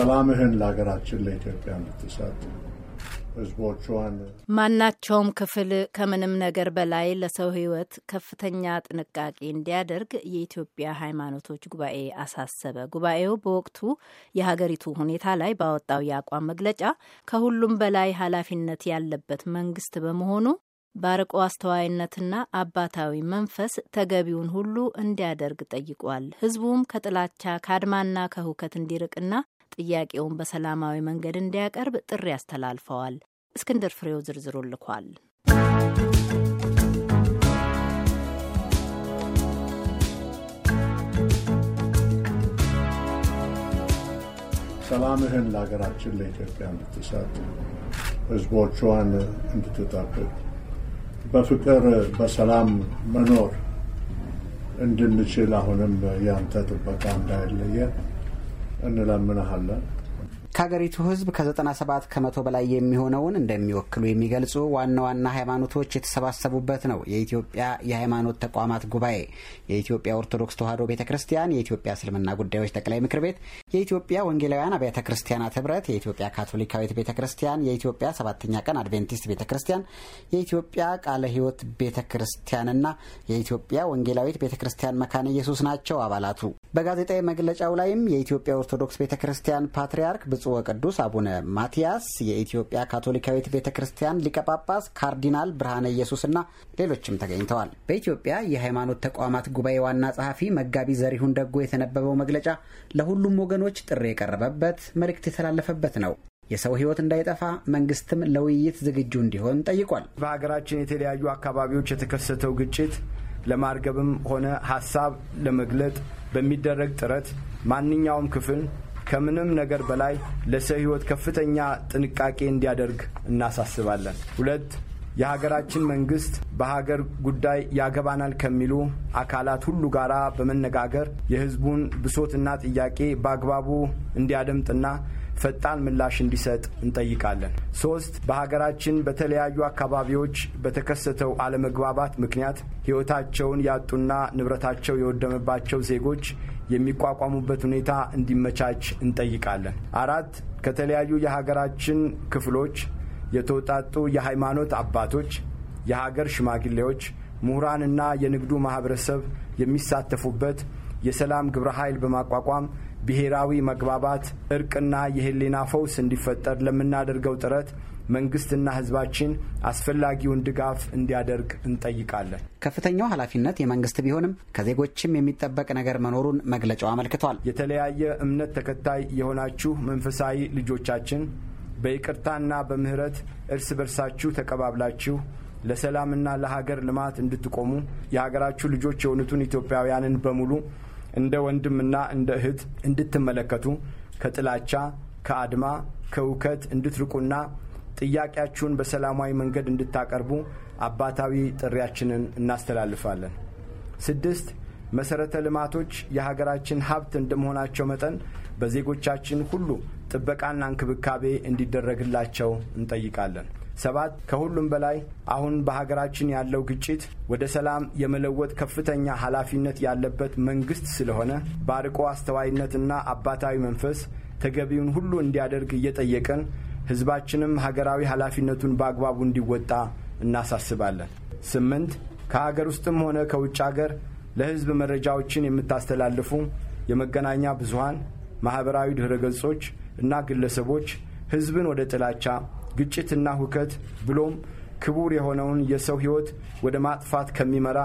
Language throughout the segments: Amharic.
ሰላምህን ለሀገራችን ለኢትዮጵያ የምትሰጥ ህዝቦቿን ማናቸውም ክፍል ከምንም ነገር በላይ ለሰው ህይወት ከፍተኛ ጥንቃቄ እንዲያደርግ የኢትዮጵያ ሃይማኖቶች ጉባኤ አሳሰበ። ጉባኤው በወቅቱ የሀገሪቱ ሁኔታ ላይ ባወጣው የአቋም መግለጫ ከሁሉም በላይ ኃላፊነት ያለበት መንግስት በመሆኑ ባርቆ አስተዋይነትና አባታዊ መንፈስ ተገቢውን ሁሉ እንዲያደርግ ጠይቋል። ህዝቡም ከጥላቻ ከአድማና ከሁከት እንዲርቅና ጥያቄውን በሰላማዊ መንገድ እንዲያቀርብ ጥሪ አስተላልፈዋል። እስክንድር ፍሬው ዝርዝሩ ልኳል። ሰላምህን ለሀገራችን ለኢትዮጵያ እንድትሰጥ ህዝቦቿን እንድትጠብቅ በፍቅር በሰላም መኖር እንድንችል አሁንም ያንተ ጥበቃ እንዳይለየ እንለምንሃለን ከሀገሪቱ ህዝብ ከ97 ከመቶ በላይ የሚሆነውን እንደሚወክሉ የሚገልጹ ዋና ዋና ሃይማኖቶች የተሰባሰቡበት ነው የኢትዮጵያ የሃይማኖት ተቋማት ጉባኤ። የኢትዮጵያ ኦርቶዶክስ ተዋህዶ ቤተ ክርስቲያን፣ የኢትዮጵያ እስልምና ጉዳዮች ጠቅላይ ምክር ቤት፣ የኢትዮጵያ ወንጌላውያን አብያተ ክርስቲያናት ህብረት፣ የኢትዮጵያ ካቶሊካዊት ቤተ ክርስቲያን፣ የኢትዮጵያ ሰባተኛ ቀን አድቬንቲስት ቤተ ክርስቲያን፣ የኢትዮጵያ ቃለ ህይወት ቤተ ክርስቲያንና የኢትዮጵያ ወንጌላዊት ቤተ ክርስቲያን መካነ ኢየሱስ ናቸው አባላቱ። በጋዜጣዊ መግለጫው ላይም የኢትዮጵያ ኦርቶዶክስ ቤተ ክርስቲያን ፓትርያርክ ብፁዕ ወቅዱስ አቡነ ማቲያስ፣ የኢትዮጵያ ካቶሊካዊት ቤተ ክርስቲያን ሊቀ ጳጳስ ካርዲናል ብርሃነ ኢየሱስና ሌሎችም ተገኝተዋል። በኢትዮጵያ የሃይማኖት ተቋማት ጉባኤ ዋና ጸሐፊ መጋቢ ዘሪሁን ደጎ የተነበበው መግለጫ ለሁሉም ወገኖች ጥሪ የቀረበበት መልእክት የተላለፈበት ነው። የሰው ሕይወት እንዳይጠፋ መንግስትም ለውይይት ዝግጁ እንዲሆን ጠይቋል። በሀገራችን የተለያዩ አካባቢዎች የተከሰተው ግጭት ለማርገብም ሆነ ሀሳብ ለመግለጥ በሚደረግ ጥረት ማንኛውም ክፍል ከምንም ነገር በላይ ለሰው ሕይወት ከፍተኛ ጥንቃቄ እንዲያደርግ እናሳስባለን። ሁለት የሀገራችን መንግስት በሀገር ጉዳይ ያገባናል ከሚሉ አካላት ሁሉ ጋር በመነጋገር የህዝቡን ብሶትና ጥያቄ በአግባቡ እንዲያደምጥና ፈጣን ምላሽ እንዲሰጥ እንጠይቃለን። ሶስት በሀገራችን በተለያዩ አካባቢዎች በተከሰተው አለመግባባት ምክንያት ሕይወታቸውን ያጡና ንብረታቸው የወደመባቸው ዜጎች የሚቋቋሙበት ሁኔታ እንዲመቻች እንጠይቃለን። አራት ከተለያዩ የሀገራችን ክፍሎች የተውጣጡ የሃይማኖት አባቶች፣ የሀገር ሽማግሌዎች፣ ምሁራንና የንግዱ ማኅበረሰብ የሚሳተፉበት የሰላም ግብረ ኃይል በማቋቋም ብሔራዊ መግባባት፣ እርቅና የህሊና ፈውስ እንዲፈጠር ለምናደርገው ጥረት መንግስትና ህዝባችን አስፈላጊውን ድጋፍ እንዲያደርግ እንጠይቃለን። ከፍተኛው ኃላፊነት የመንግስት ቢሆንም ከዜጎችም የሚጠበቅ ነገር መኖሩን መግለጫው አመልክቷል። የተለያየ እምነት ተከታይ የሆናችሁ መንፈሳዊ ልጆቻችን በይቅርታና በምህረት እርስ በርሳችሁ ተቀባብላችሁ ለሰላምና ለሀገር ልማት እንድትቆሙ የሀገራችሁ ልጆች የሆኑትን ኢትዮጵያውያንን በሙሉ እንደ ወንድምና እንደ እህት እንድትመለከቱ ከጥላቻ፣ ከአድማ፣ ከውከት እንድትርቁና ጥያቄያችሁን በሰላማዊ መንገድ እንድታቀርቡ አባታዊ ጥሪያችንን እናስተላልፋለን። ስድስት መሰረተ ልማቶች የሀገራችን ሀብት እንደመሆናቸው መጠን በዜጎቻችን ሁሉ ጥበቃና እንክብካቤ እንዲደረግላቸው እንጠይቃለን። ሰባት ከሁሉም በላይ አሁን በሀገራችን ያለው ግጭት ወደ ሰላም የመለወጥ ከፍተኛ ኃላፊነት ያለበት መንግስት ስለሆነ በአርቆ አስተዋይነትና አባታዊ መንፈስ ተገቢውን ሁሉ እንዲያደርግ እየጠየቀን ህዝባችንም ሀገራዊ ኃላፊነቱን በአግባቡ እንዲወጣ እናሳስባለን። ስምንት ከሀገር ውስጥም ሆነ ከውጭ ሀገር ለህዝብ መረጃዎችን የምታስተላልፉ የመገናኛ ብዙሃን፣ ማኅበራዊ ድኅረ ገጾች እና ግለሰቦች ህዝብን ወደ ጥላቻ ግጭትና ሁከት ብሎም ክቡር የሆነውን የሰው ሕይወት ወደ ማጥፋት ከሚመራ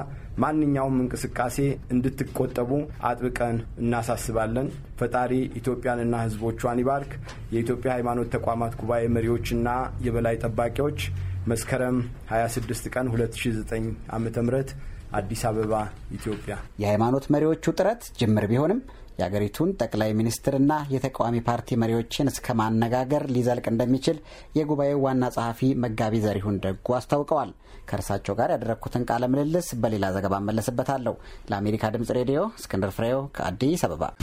ማንኛውም እንቅስቃሴ እንድትቆጠቡ አጥብቀን እናሳስባለን። ፈጣሪ ኢትዮጵያንና ሕዝቦቿን ይባርክ። የኢትዮጵያ ሃይማኖት ተቋማት ጉባኤ መሪዎችና የበላይ ጠባቂዎች መስከረም 26 ቀን 2009 ዓ.ም አዲስ አበባ ኢትዮጵያ። የሃይማኖት መሪዎቹ ጥረት ጅምር ቢሆንም የአገሪቱን ጠቅላይ ሚኒስትርና የተቃዋሚ ፓርቲ መሪዎችን እስከ ማነጋገር ሊዘልቅ እንደሚችል የጉባኤው ዋና ጸሐፊ መጋቢ ዘሪሁን ደጉ አስታውቀዋል። ከእርሳቸው ጋር ያደረግኩትን ቃለ ምልልስ በሌላ ዘገባ እመለስበታለሁ። ለአሜሪካ ድምጽ ሬዲዮ እስክንድር ፍሬው ከአዲስ አበባ